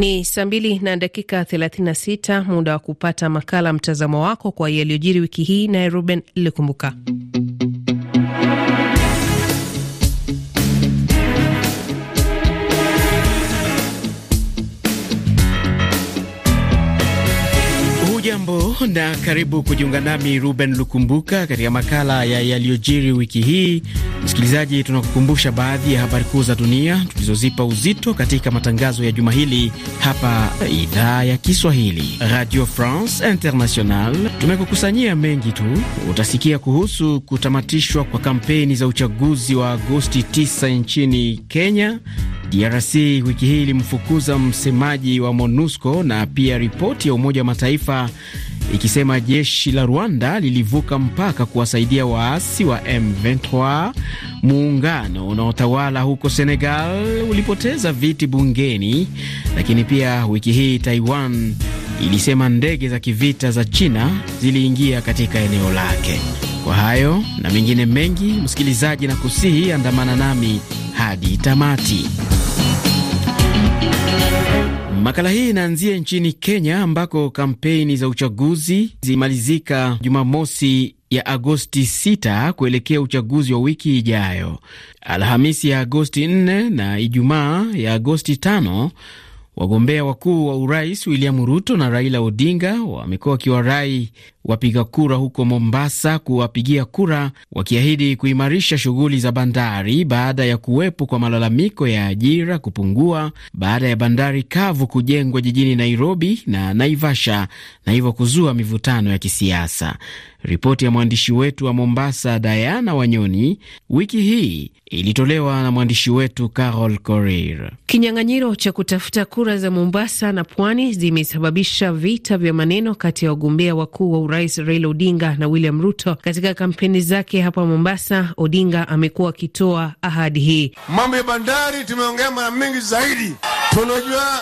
Ni saa mbili na dakika 36, muda wa kupata makala mtazamo wako kwa yaliyojiri wiki hii, naye Ruben Likumbuka. na karibu kujiunga nami Ruben Lukumbuka katika makala ya yaliyojiri wiki hii. Msikilizaji, tunakukumbusha baadhi ya habari kuu za dunia tulizozipa uzito katika matangazo ya juma hili hapa idhaa ya Kiswahili Radio France International. Tumekukusanyia mengi tu. Utasikia kuhusu kutamatishwa kwa kampeni za uchaguzi wa Agosti 9 nchini Kenya. DRC wiki hii ilimfukuza msemaji wa MONUSCO na pia ripoti ya Umoja wa Mataifa ikisema jeshi la Rwanda lilivuka mpaka kuwasaidia waasi wa M23. Muungano unaotawala huko Senegal ulipoteza viti bungeni, lakini pia wiki hii Taiwan ilisema ndege za kivita za China ziliingia katika eneo lake. Kwa hayo na mengine mengi, msikilizaji, na kusihi andamana nami hadi tamati. Makala hii inaanzia nchini Kenya ambako kampeni za uchaguzi zimalizika Jumamosi ya Agosti 6 kuelekea uchaguzi wa wiki ijayo, Alhamisi ya Agosti 4 na Ijumaa ya Agosti Wagombea wakuu wa urais William Ruto na Raila Odinga wamekuwa wakiwarai wapiga kura huko Mombasa kuwapigia kura, wakiahidi kuimarisha shughuli za bandari baada ya kuwepo kwa malalamiko ya ajira kupungua baada ya bandari kavu kujengwa jijini Nairobi na Naivasha, na hivyo kuzua mivutano ya kisiasa. Ripoti ya mwandishi wetu wa Mombasa, Diana Wanyoni, wiki hii ilitolewa na mwandishi wetu Carol Korir. Kinyang'anyiro cha kutafuta kura za Mombasa na pwani zimesababisha vita vya maneno kati ya wagombea wakuu wa urais Raila Odinga na William Ruto. Katika kampeni zake hapa Mombasa, Odinga amekuwa akitoa ahadi hii. Mambo ya bandari tumeongea mara mingi zaidi, tunajua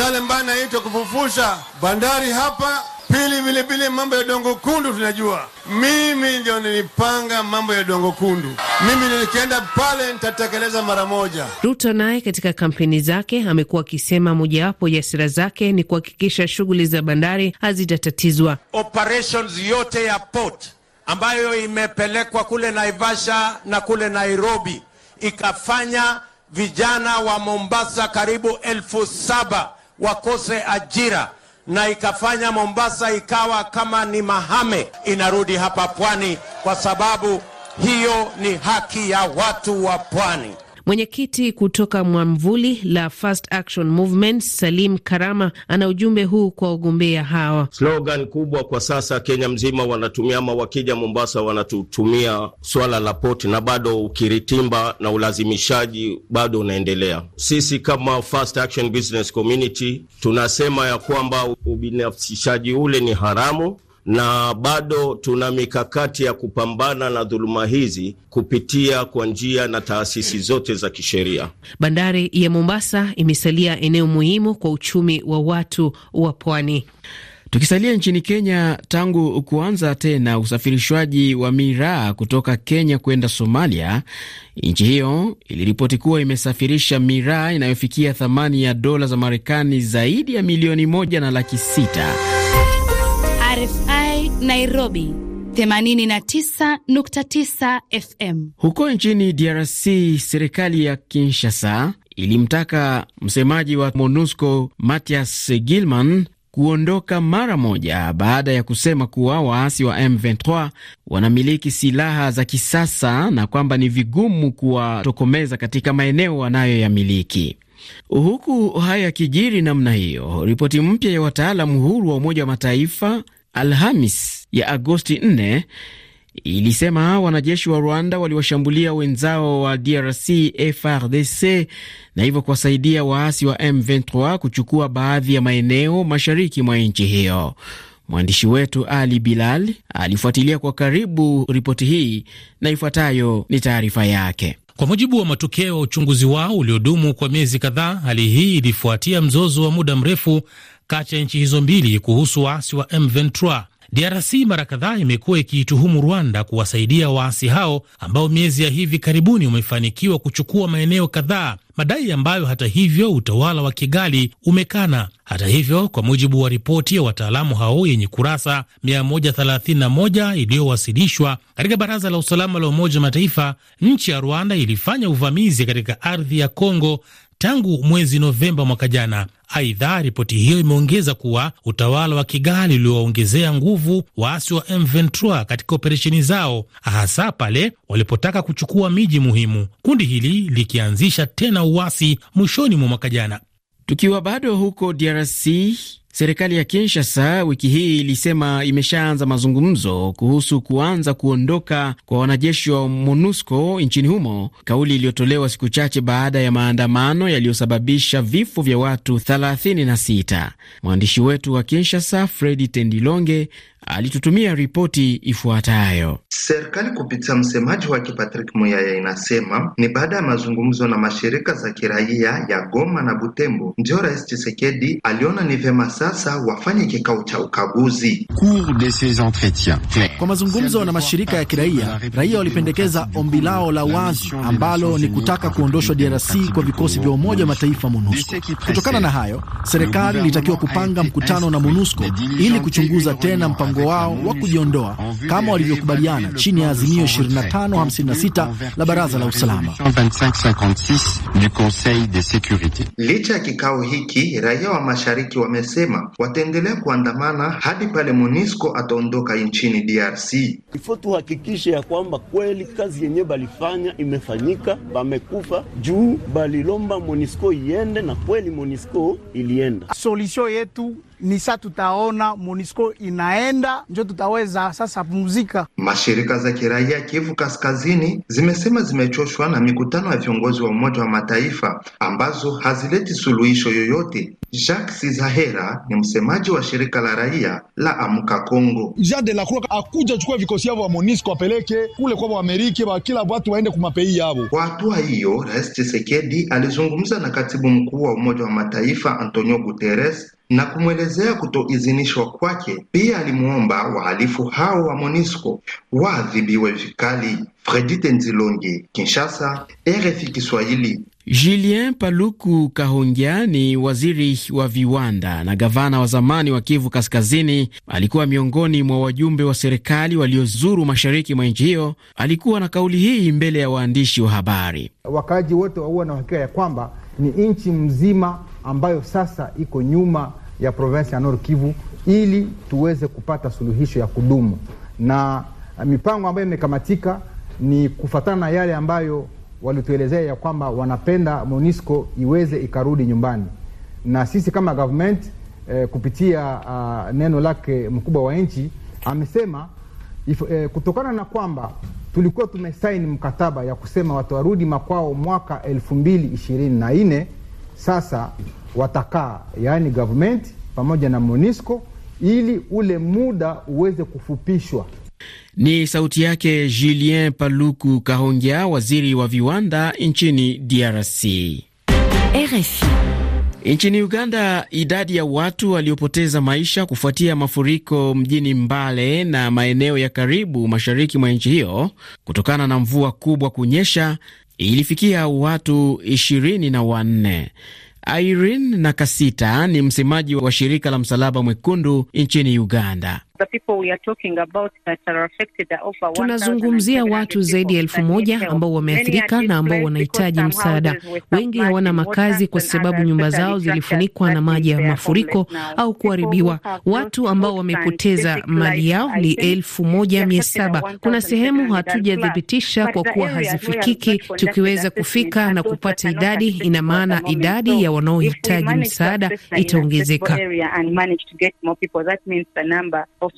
yale ambayo anaitwa kufufusha bandari hapa Pili, vile mambo ya dongo kundu tunajua. Mimi ndio nilipanga mambo ya dongo kundu, mimi nikienda pale nitatekeleza mara moja. Ruto naye katika kampeni zake amekuwa akisema mojawapo ya sera zake ni kuhakikisha shughuli za bandari hazitatatizwa. Operations yote ya port ambayo imepelekwa kule Naivasha na kule Nairobi ikafanya vijana wa Mombasa karibu elfu saba wakose ajira na ikafanya Mombasa ikawa kama ni mahame, inarudi hapa pwani, kwa sababu hiyo ni haki ya watu wa pwani. Mwenyekiti kutoka mwamvuli la Action Movement, Salim Karama, ana ujumbe huu kwa wagombea hawa. Slogan kubwa kwa sasa Kenya mzima wanatumia ama wakija Mombasa wanatutumia swala la poti, na bado ukiritimba na ulazimishaji bado unaendelea. Sisi kama Action Business Community tunasema ya kwamba ubinafsishaji ule ni haramu na bado tuna mikakati ya kupambana na dhuluma hizi kupitia kwa njia na taasisi zote za kisheria. Bandari ya Mombasa imesalia eneo muhimu kwa uchumi wa watu wa pwani. Tukisalia nchini Kenya, tangu kuanza tena usafirishwaji wa miraa kutoka Kenya kwenda Somalia, nchi hiyo iliripoti kuwa imesafirisha miraa inayofikia thamani ya dola za Marekani zaidi ya milioni moja na laki sita. Nairobi 89.9 FM. Huko nchini DRC, serikali ya Kinshasa ilimtaka msemaji wa MONUSCO Mathias Gilman kuondoka mara moja baada ya kusema kuwa waasi wa M23 wanamiliki silaha za kisasa na kwamba ni vigumu kuwatokomeza katika maeneo wanayoyamiliki. Huku haya kijiri namna hiyo, ripoti mpya ya wataalamu huru wa Umoja wa Mataifa Alhamis ya Agosti 4 ilisema wanajeshi wa Rwanda waliwashambulia wenzao wa DRC FRDC na hivyo kuwasaidia waasi wa M23 kuchukua baadhi ya maeneo mashariki mwa nchi hiyo. Mwandishi wetu Ali Bilal alifuatilia kwa karibu ripoti hii na ifuatayo ni taarifa yake. Kwa mujibu wa matokeo ya uchunguzi wao uliodumu kwa miezi kadhaa, hali hii ilifuatia mzozo wa muda mrefu kati ya nchi hizo mbili kuhusu waasi wa M23. DRC mara kadhaa imekuwa ikiituhumu Rwanda kuwasaidia waasi hao ambao miezi ya hivi karibuni umefanikiwa kuchukua maeneo kadhaa, madai ambayo hata hivyo utawala wa Kigali umekana. Hata hivyo, kwa mujibu wa ripoti ya wataalamu hao yenye kurasa 131 iliyowasilishwa katika Baraza la Usalama la Umoja wa Mataifa, nchi ya Rwanda ilifanya uvamizi katika ardhi ya Kongo tangu mwezi Novemba mwaka jana. Aidha, ripoti hiyo imeongeza kuwa utawala wa Kigali uliowaongezea nguvu waasi wa M23 katika operesheni zao, hasa pale walipotaka kuchukua miji muhimu, kundi hili likianzisha tena uasi mwishoni mwa mwaka jana. Tukiwa bado huko DRC, Serikali ya Kinshasa wiki hii ilisema imeshaanza mazungumzo kuhusu kuanza kuondoka kwa wanajeshi wa MONUSCO nchini humo, kauli iliyotolewa siku chache baada ya maandamano yaliyosababisha vifo vya watu 36. Mwandishi wetu wa Kinshasa, Fredi Tendilonge, alitutumia ripoti ifuatayo. Serikali kupitia msemaji wake Patrick Muyaya inasema ni baada ya mazungumzo na mashirika za kiraia ya Goma na Butembo ndio Rais chisekedi aliona ni vyema sasa wafanye kikao cha ukaguzi. Kwa mazungumzo na mashirika ya kiraia, raia walipendekeza ombi lao la wazi ambalo ni kutaka kuondoshwa DRC kwa vikosi vya Umoja wa Mataifa MONUSCO. Kutokana na hayo, serikali ilitakiwa kupanga mkutano na MONUSCO ili kuchunguza tena mpango mpango wao wa kujiondoa kama walivyokubaliana chini ya azimio 2556 la Baraza la Usalama. Licha ya kikao hiki, raia wa mashariki wamesema wataendelea kuandamana hadi pale MONUSCO ataondoka nchini DRC. Ifo tuhakikishe ya kwamba kweli kazi yenye balifanya imefanyika, bamekufa juu balilomba MONUSCO iende na kweli MONUSCO ilienda. Solution yetu ni sa tutaona monisco inaenda njo tutaweza sasa pumzika. Mashirika za kiraia Kivu Kaskazini zimesema zimechoshwa na mikutano ya viongozi wa Umoja wa Mataifa ambazo hazileti suluhisho yoyote. Jacques Sizahera ni msemaji wa shirika la raia la Amka congo Jean de la Croix akuja chukua vikosi yavo wa monisco apeleke kule kwa Waameriki wa kila watu waende kumapei yavo. Kwa hatua hiyo, Rais chisekedi alizungumza na katibu mkuu wa Umoja wa Mataifa Antonio Guterres na kumwelezea kutoidhinishwa kwake. Pia alimuomba wahalifu hao wa monisco waadhibiwe vikali. Fredite Nzilongi, Kinshasa, RFI Kiswahili. Julien Paluku Kahongya ni waziri wa viwanda na gavana wa zamani wa Kivu Kaskazini. Alikuwa miongoni mwa wajumbe wa serikali waliozuru mashariki mwa nchi hiyo. Alikuwa na kauli hii mbele ya waandishi wa habari: wakaaji wote wauwa na uhakika ya kwamba ni nchi mzima ambayo sasa iko nyuma ya provensi ya Nord Kivu ili tuweze kupata suluhisho ya kudumu, na mipango ambayo imekamatika ni kufatana na yale ambayo walituelezea ya kwamba wanapenda MONUSCO iweze ikarudi nyumbani, na sisi kama government eh, kupitia uh, neno lake mkubwa wa nchi amesema if, eh, kutokana na kwamba tulikuwa tumesaini mkataba ya kusema watu warudi makwao mwaka elfu mbili ishirini na nne sasa watakaa, yaani government pamoja na MONUSCO ili ule muda uweze kufupishwa. Ni sauti yake Julien Paluku Kahongya, waziri wa viwanda nchini DRC. RFI. Nchini Uganda, idadi ya watu waliopoteza maisha kufuatia mafuriko mjini Mbale na maeneo ya karibu mashariki mwa nchi hiyo kutokana na mvua kubwa kunyesha ilifikia watu ishirini na wanne. Irene Nakasita ni msemaji wa shirika la Msalaba Mwekundu nchini Uganda. Tunazungumzia watu zaidi ya elfu moja ambao wameathirika na ambao wanahitaji msaada. Wengi hawana makazi kwa sababu nyumba zao zilifunikwa na maji ya mafuriko au kuharibiwa. Watu ambao wamepoteza mali yao ni elfu moja mia saba. Kuna sehemu hatujathibitisha kwa kuwa hazifikiki. Tukiweza kufika na kupata idadi, ina maana idadi ya wanaohitaji msaada itaongezeka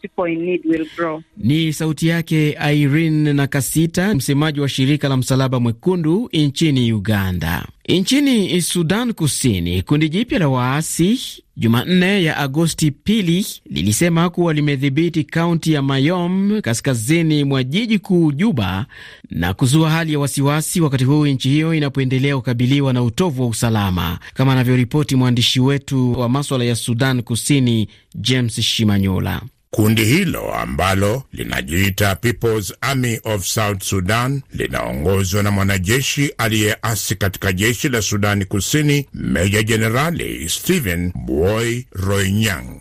people in need will grow. Ni sauti yake Irene Nakasita, msemaji wa shirika la Msalaba Mwekundu nchini Uganda. Nchini Sudan Kusini, kundi jipya la waasi Jumanne ya Agosti pili lilisema kuwa limedhibiti kaunti ya Mayom kaskazini mwa jiji kuu Juba, na kuzua hali ya wasiwasi, wakati huu nchi hiyo inapoendelea kukabiliwa na utovu wa usalama, kama anavyoripoti mwandishi wetu wa maswala ya Sudan Kusini James Shimanyola. Kundi hilo ambalo linajiita People's Army of South Sudan linaongozwa na mwanajeshi aliyeasi katika jeshi la Sudani Kusini, Meja Jenerali Stephen Boy Roinyang.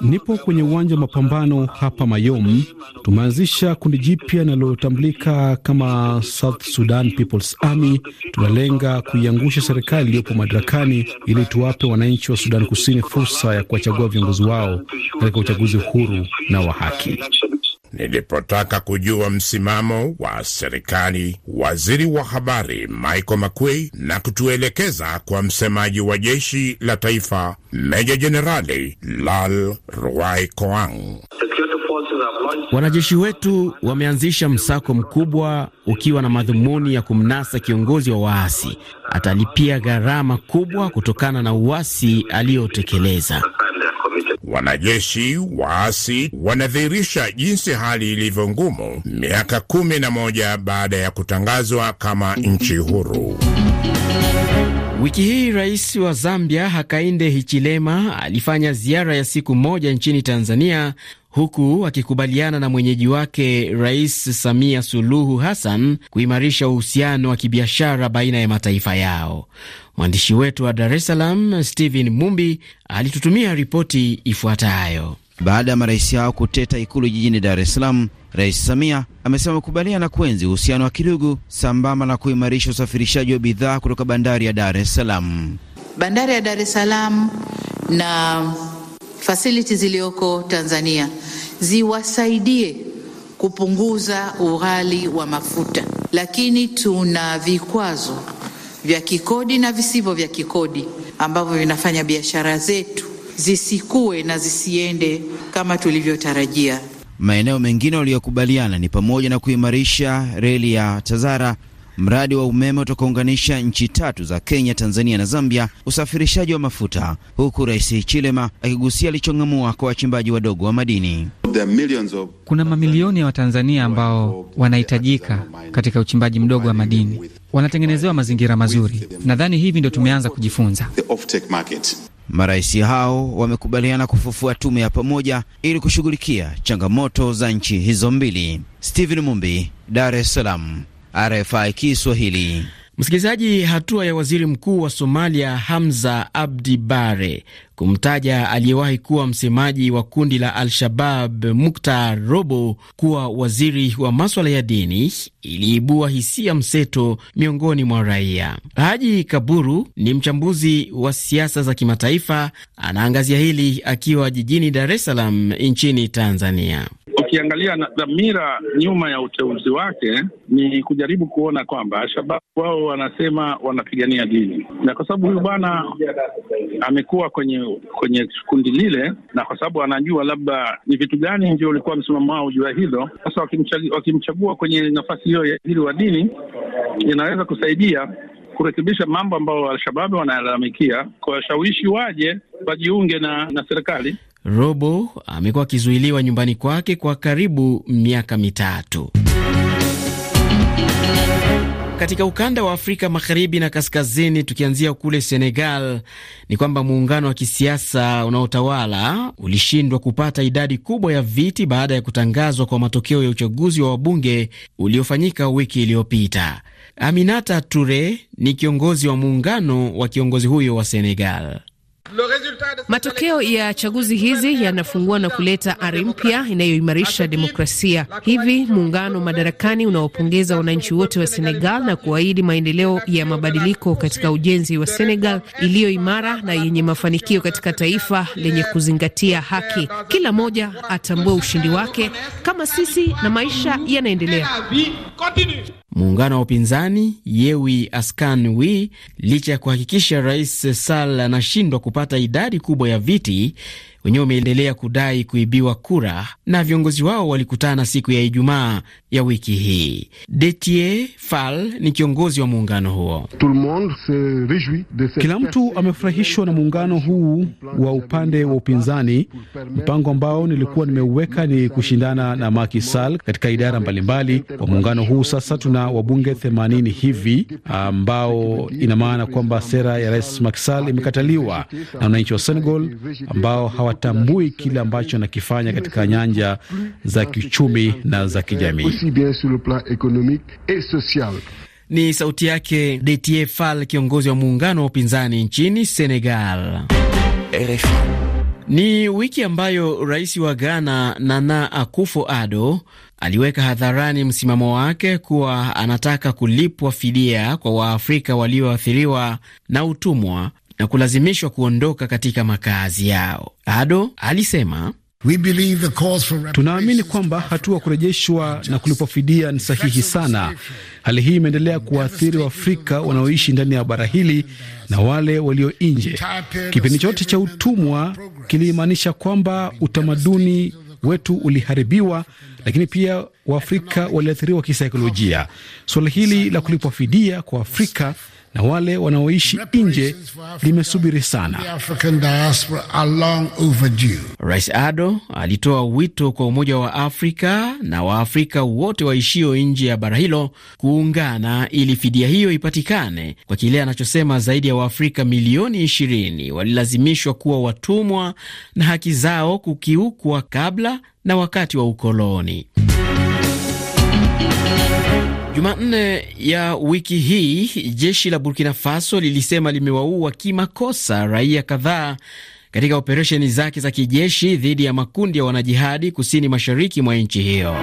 Nipo kwenye uwanja wa mapambano hapa Mayom. Tumeanzisha kundi jipya linalotambulika kama South Sudan People's Army. Tunalenga kuiangusha serikali iliyopo madarakani ili tuwape wananchi wa Sudani Kusini fursa ya kuwachagua viongozi wao katika uchaguzi huu huru na wa haki. Nilipotaka kujua msimamo wa serikali, waziri wa habari Michael makuei na kutuelekeza kwa msemaji wa jeshi la taifa meja jenerali Lal Ruai Koang. Wanajeshi wetu wameanzisha msako mkubwa ukiwa na madhumuni ya kumnasa kiongozi wa waasi. Atalipia gharama kubwa kutokana na uasi aliyotekeleza. Wanajeshi waasi wanadhihirisha jinsi hali ilivyo ngumu miaka kumi na moja baada ya kutangazwa kama nchi huru. Wiki hii rais wa Zambia Hakainde Hichilema alifanya ziara ya siku moja nchini Tanzania, huku akikubaliana na mwenyeji wake Rais Samia Suluhu Hassan kuimarisha uhusiano wa kibiashara baina ya mataifa yao. Mwandishi wetu wa Dar es Salaam Stephen Mumbi alitutumia ripoti ifuatayo. Baada ya marais hao kuteta Ikulu jijini Dar es Salaam, Rais Samia amesema amekubalia na kuenzi uhusiano wa kidugu sambamba na kuimarisha usafirishaji wa bidhaa kutoka bandari ya Dar es Salaam. Bandari ya Dar es Salaam na fasiliti zilizoko Tanzania ziwasaidie kupunguza ughali wa mafuta, lakini tuna vikwazo vya kikodi na visivyo vya kikodi ambavyo vinafanya biashara zetu zisikue na zisiende kama tulivyotarajia. Maeneo mengine waliyokubaliana ni pamoja na kuimarisha reli ya Tazara Mradi wa umeme utakaunganisha nchi tatu za Kenya, Tanzania na Zambia usafirishaji wa mafuta, huku Rais Chilema akigusia alichong'amua kwa wachimbaji wadogo wa madini. Kuna mamilioni ya wa Watanzania ambao wanahitajika katika uchimbaji mdogo wa madini, wanatengenezewa mazingira mazuri. Nadhani hivi ndio tumeanza kujifunza. Marais hao wamekubaliana kufufua tume ya pamoja ili kushughulikia changamoto za nchi hizo mbili. Stephen Mumbi, Dar es Salaam. RFI Kiswahili. Msikilizaji, hatua ya waziri mkuu wa Somalia Hamza Abdi Bare kumtaja aliyewahi kuwa msemaji wa kundi la Al-Shabab Muktar Robo kuwa waziri wa maswala ya dini iliibua hisia mseto miongoni mwa raia. Haji Kaburu ni mchambuzi wa siasa za kimataifa, anaangazia hili akiwa jijini Dar es Salaam nchini Tanzania ukiangalia na dhamira nyuma ya uteuzi wake ni kujaribu kuona kwamba Alshababu wao wanasema wanapigania dini, na kwa sababu huyu bwana amekuwa kwenye kwenye kundi lile, na kwa sababu anajua labda ni vitu gani ndio ulikuwa msimamo wao juu ya hilo. Sasa wakimchagua kwenye nafasi hiyo ya hili wa dini inaweza kusaidia kurekebisha mambo ambayo Alshababu wanayalalamikia, kuwashawishi waje wajiunge na, na serikali. Robo amekuwa akizuiliwa nyumbani kwake kwa karibu miaka mitatu. Katika ukanda wa Afrika magharibi na kaskazini, tukianzia kule Senegal, ni kwamba muungano wa kisiasa unaotawala ulishindwa kupata idadi kubwa ya viti baada ya kutangazwa kwa matokeo ya uchaguzi wa wabunge uliofanyika wiki iliyopita. Aminata ture ni kiongozi wa muungano wa kiongozi huyo wa Senegal. Matokeo ya chaguzi hizi yanafungua na kuleta ari mpya inayoimarisha demokrasia. Hivi muungano madarakani unaopongeza wananchi wote wa Senegal na kuahidi maendeleo ya mabadiliko katika ujenzi wa Senegal iliyo imara na yenye mafanikio katika taifa lenye kuzingatia haki. Kila mmoja atambue ushindi wake kama sisi na maisha yanaendelea muungano wa upinzani Yewi Askan Wi licha ya kuhakikisha rais sal anashindwa kupata idadi kubwa ya viti wenyewe umeendelea kudai kuibiwa kura na viongozi wao walikutana siku ya Ijumaa ya wiki hii. Detie Fal ni kiongozi wa muungano huo. Kila mtu amefurahishwa na muungano huu wa upande wa upinzani. Mpango ambao nilikuwa nimeuweka ni kushindana na Macky Sall katika idara mbalimbali. Kwa muungano huu sasa tuna wabunge 80 hivi, ambao ina maana kwamba sera ya Rais Macky Sall imekataliwa na wananchi wa Senegal ambao hawa hawatambui kile ambacho anakifanya katika nyanja za kiuchumi na za kijamii. Ni sauti yake Detier Fall, kiongozi wa muungano wa upinzani nchini Senegal. RFI. Ni wiki ambayo rais wa Ghana Nana akufo ado aliweka hadharani msimamo wake kuwa anataka kulipwa fidia kwa Waafrika walioathiriwa na utumwa na kulazimishwa kuondoka katika makazi yao. Ado alisema Tunaamini kwamba hatua kurejeshwa na kulipwa fidia ni sahihi sana. Hali hii imeendelea kuwaathiri Waafrika wanaoishi ndani ya bara hili na wale walio nje. Kipindi chote cha utumwa kilimaanisha kwamba utamaduni wetu uliharibiwa, lakini pia Waafrika waliathiriwa kisaikolojia. Suala hili la kulipwa fidia kwa Afrika na wale wanaoishi nje limesubiri sana. Rais Ado alitoa wito kwa Umoja wa Afrika na Waafrika wote waishio nje ya bara hilo kuungana ili fidia hiyo ipatikane kwa kile anachosema zaidi ya Waafrika milioni 20 walilazimishwa kuwa watumwa na haki zao kukiukwa kabla na wakati wa ukoloni. Jumanne ya wiki hii jeshi la Burkina Faso lilisema limewaua kimakosa raia kadhaa katika operesheni zake za kijeshi dhidi ya makundi ya wanajihadi kusini mashariki mwa nchi hiyo.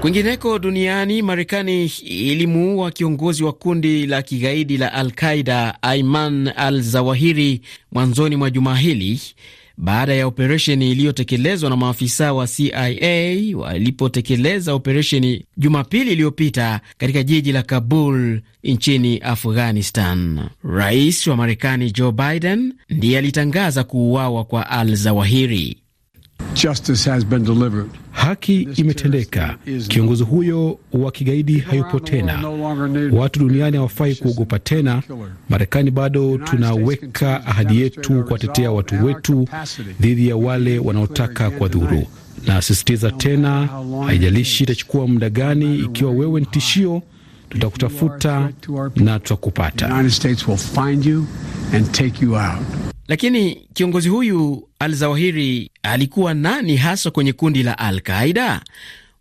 Kwingineko duniani, Marekani ilimuua kiongozi wa kundi la kigaidi la Al Qaida Aiman Al Zawahiri mwanzoni mwa juma hili baada ya operesheni iliyotekelezwa na maafisa wa CIA walipotekeleza operesheni Jumapili iliyopita katika jiji la Kabul nchini Afghanistan. Rais wa Marekani Joe Biden ndiye alitangaza kuuawa kwa Al Zawahiri. Justice has been delivered. Haki imetendeka. Kiongozi huyo wa kigaidi hayupo tena. Watu duniani hawafai kuogopa tena. Marekani bado tunaweka ahadi yetu kuwatetea watu wetu dhidi ya wale wanaotaka kuwadhuru. Nasisitiza tena, haijalishi itachukua muda gani, ikiwa wewe ni tishio, tutakutafuta na tutakupata. Lakini kiongozi huyu Al Zawahiri alikuwa nani haswa kwenye kundi la Al Qaida?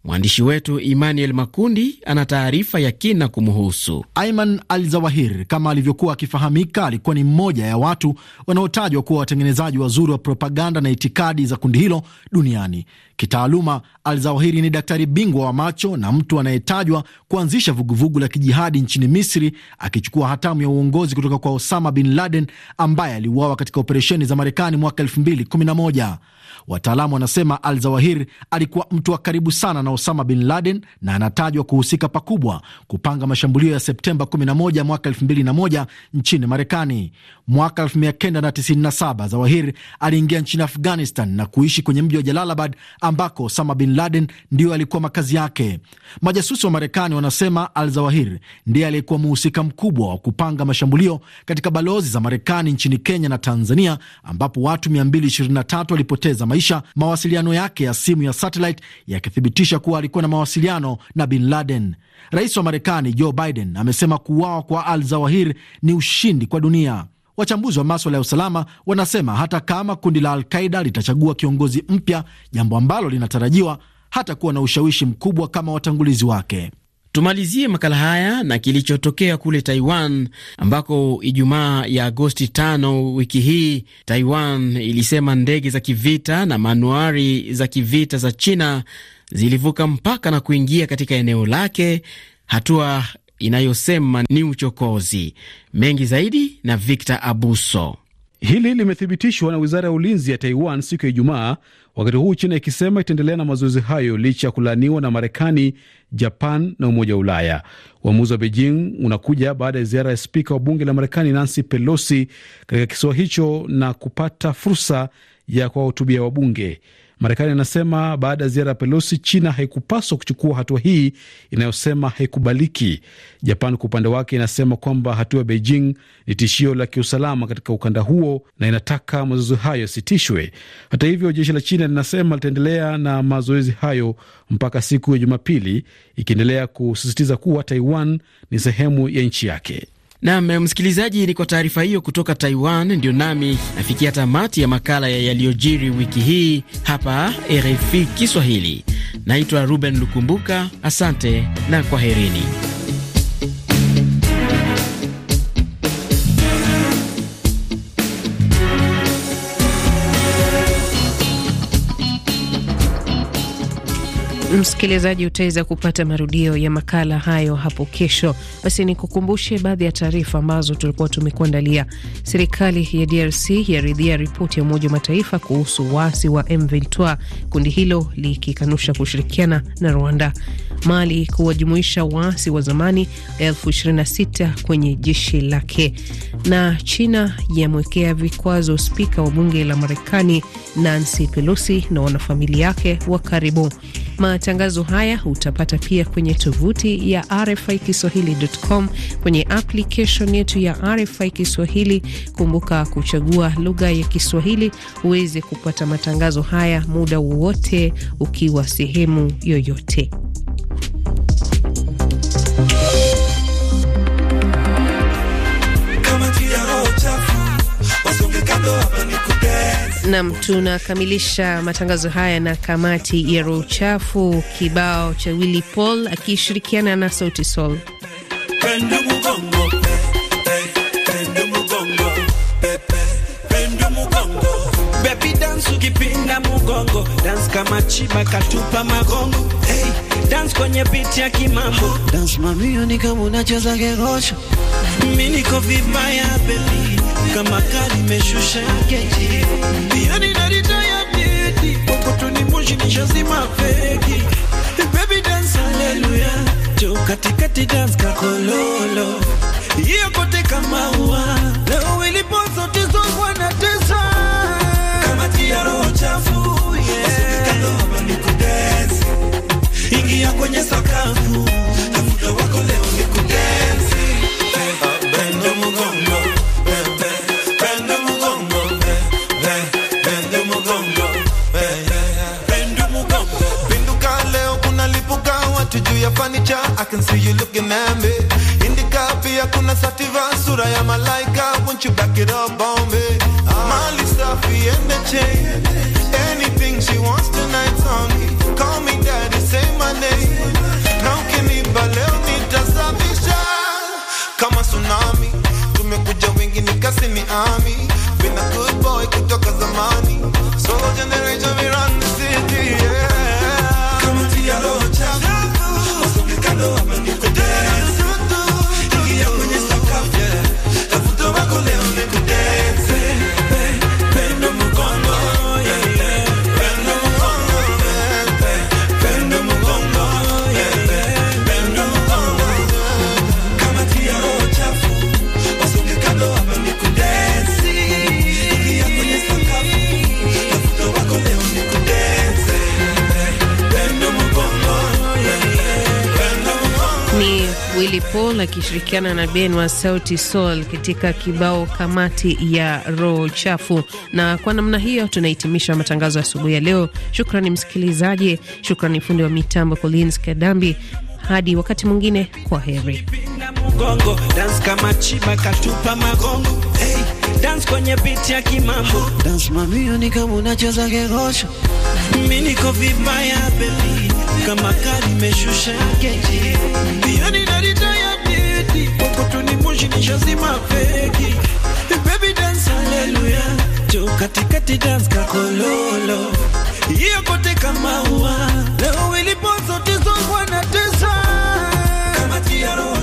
Mwandishi wetu Emmanuel Makundi ana taarifa ya kina kumhusu Aiman Al Zawahir. Kama alivyokuwa akifahamika, alikuwa ni mmoja ya watu wanaotajwa kuwa watengenezaji wazuri wa propaganda na itikadi za kundi hilo duniani. Kitaaluma, Al Zawahiri ni daktari bingwa wa macho na mtu anayetajwa kuanzisha vuguvugu la kijihadi nchini Misri, akichukua hatamu ya uongozi kutoka kwa Osama bin Laden ambaye aliuawa katika operesheni za Marekani mwaka 2011. Wataalamu wanasema Al Zawahir alikuwa mtu wa karibu sana na Osama bin Laden na anatajwa kuhusika pakubwa kupanga mashambulio ya Septemba 11 mwaka 2001 nchini Marekani. Mwaka 1997 zawahir aliingia nchini Afghanistan na kuishi kwenye mji wa Jalalabad ambako Osama bin Laden ndiyo alikuwa makazi yake. Majasusi wa Marekani wanasema al zawahir ndiye aliyekuwa mhusika mkubwa wa kupanga mashambulio katika balozi za Marekani nchini Kenya na Tanzania ambapo watu 223 walipoteza maisha, mawasiliano yake ya simu ya satellite yakithibitisha kuwa alikuwa na mawasiliano na bin Laden. Rais wa Marekani Joe Biden amesema kuuawa kwa al Zawahir ni ushindi kwa dunia. Wachambuzi wa maswala ya usalama wanasema hata kama kundi la Alqaida litachagua kiongozi mpya, jambo ambalo linatarajiwa, hata kuwa na ushawishi mkubwa kama watangulizi wake. Tumalizie makala haya na kilichotokea kule Taiwan ambako Ijumaa ya Agosti 5 wiki hii Taiwan ilisema ndege za kivita na manuari za kivita za China zilivuka mpaka na kuingia katika eneo lake, hatua inayosema ni uchokozi. Mengi zaidi na Victor Abuso. Hili limethibitishwa na wizara ya ulinzi ya Taiwan siku ya Ijumaa, wakati huu China ikisema itaendelea na mazoezi hayo licha ya kulaaniwa na Marekani, Japan na Umoja wa Ulaya. Uamuzi wa Beijing unakuja baada ya ziara ya spika wa bunge la Marekani Nancy Pelosi katika kisiwa hicho na kupata fursa ya kuwahutubia wabunge. Marekani inasema baada ya ziara ya Pelosi, China haikupaswa kuchukua hatua hii inayosema haikubaliki. Japan kwa upande wake inasema kwamba hatua ya Beijing ni tishio la kiusalama katika ukanda huo na inataka mazoezi hayo yasitishwe. Hata hivyo, jeshi la China linasema litaendelea na mazoezi hayo mpaka siku ya Jumapili, ikiendelea kusisitiza kuwa Taiwan ni sehemu ya nchi yake. Nam eh, msikilizaji, ni kwa taarifa hiyo kutoka Taiwan ndio nami nafikia tamati ya makala ya yaliyojiri wiki hii hapa RFI Kiswahili. Naitwa Ruben Lukumbuka, asante na kwaherini. Msikilizaji, utaweza kupata marudio ya makala hayo hapo kesho. Basi ni kukumbushe baadhi ya taarifa ambazo tulikuwa tumekuandalia. Serikali ya DRC yaridhia ripoti ya Umoja wa Mataifa kuhusu waasi wa M23, kundi hilo likikanusha kushirikiana na Rwanda. Mali kuwajumuisha waasi wa zamani elfu 26 kwenye jeshi lake. Na China yamwekea vikwazo spika wa bunge la Marekani Nancy Pelosi na wanafamilia yake wa karibu. Matangazo haya utapata pia kwenye tovuti ya RFI Kiswahili.com, kwenye application yetu ya RFI Kiswahili. Kumbuka kuchagua lugha ya Kiswahili uweze kupata matangazo haya muda wowote ukiwa sehemu yoyote. Nam, tunakamilisha matangazo haya na kamati ya roho uchafu, kibao cha Willy Paul akishirikiana na Sauti Sol. Eh, eh, Baby dance ukipinda mugongo, dance kama chiba katupa magongo hey dance kwenye beat ya kimambo, ah, dance mamio ni kama unacheza kegosho, mimi niko vibaya baby, kama gari imeshusha geji, hiyo ni narito ya beauty, ukutuni mushi nishazima feki, baby dance hallelujah, jo katikati dance kakololo, hiyo kote kama kwenye sakafu, tafuta wako leo ni kudensi bendo mugongo bendo mugongo bendo mugongo bendo mugongo pinduka leo kuna lipuka watu juu ya fanicha I can see you looking at me indika pia kuna sativa sura ya malaika won't you back it up on me mali safi ende chain tsunami, tumekuja wengi nikasi ni ami akishirikiana na Ben wa Sauti Sol katika kibao kamati ya roho chafu. Na kwa namna hiyo tunahitimisha matangazo ya asubuhi ya leo. Shukrani msikilizaji, shukrani fundi wa mitambo Collins Kadambi. Hadi wakati mwingine, kwa heri. kama Mimi niko vibaya baby. Kama kali meshusha keji. Yaani fake Huku tunimushinisha zima fake Baby dance katikati dance kakololo Iyo kama ua Leo ilipo zote zongwa na tesa Kama tiaro